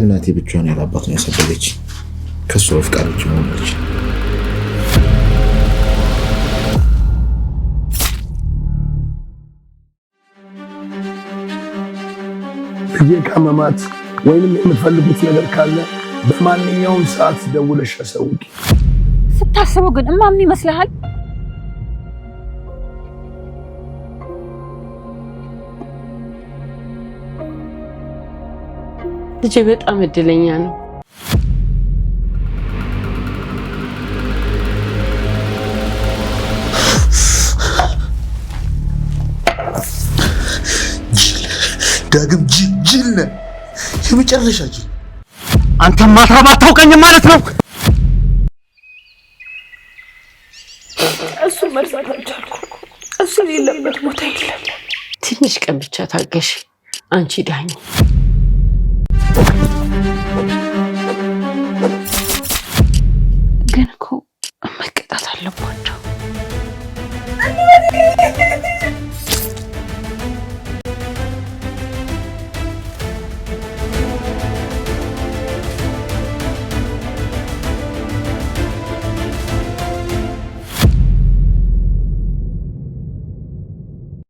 እናቴ ብቻዋን ያላባት ነው ያሰደገች ከእሷ በፍቃድ ውጭ ሆነች። እየቀመማት ወይም የምትፈልጉት ነገር ካለ በማንኛውም ሰዓት ደውለሽ አሳውቂ። ስታስበው ግን እማምን ይመስልሃል? ልጄ በጣም እድለኛ ነው። ዳግም ጅል ጅል ነህ፣ የመጨረሻ ጅል። አንተ ማታ አታውቀኝም ማለት ነው። እሱ መርሳት አልቻልኩም። እሱ የሌለበት ቦታ የለም። ትንሽ ቀን ብቻ ታገሽ አንቺ ዳኝ lo Poncho.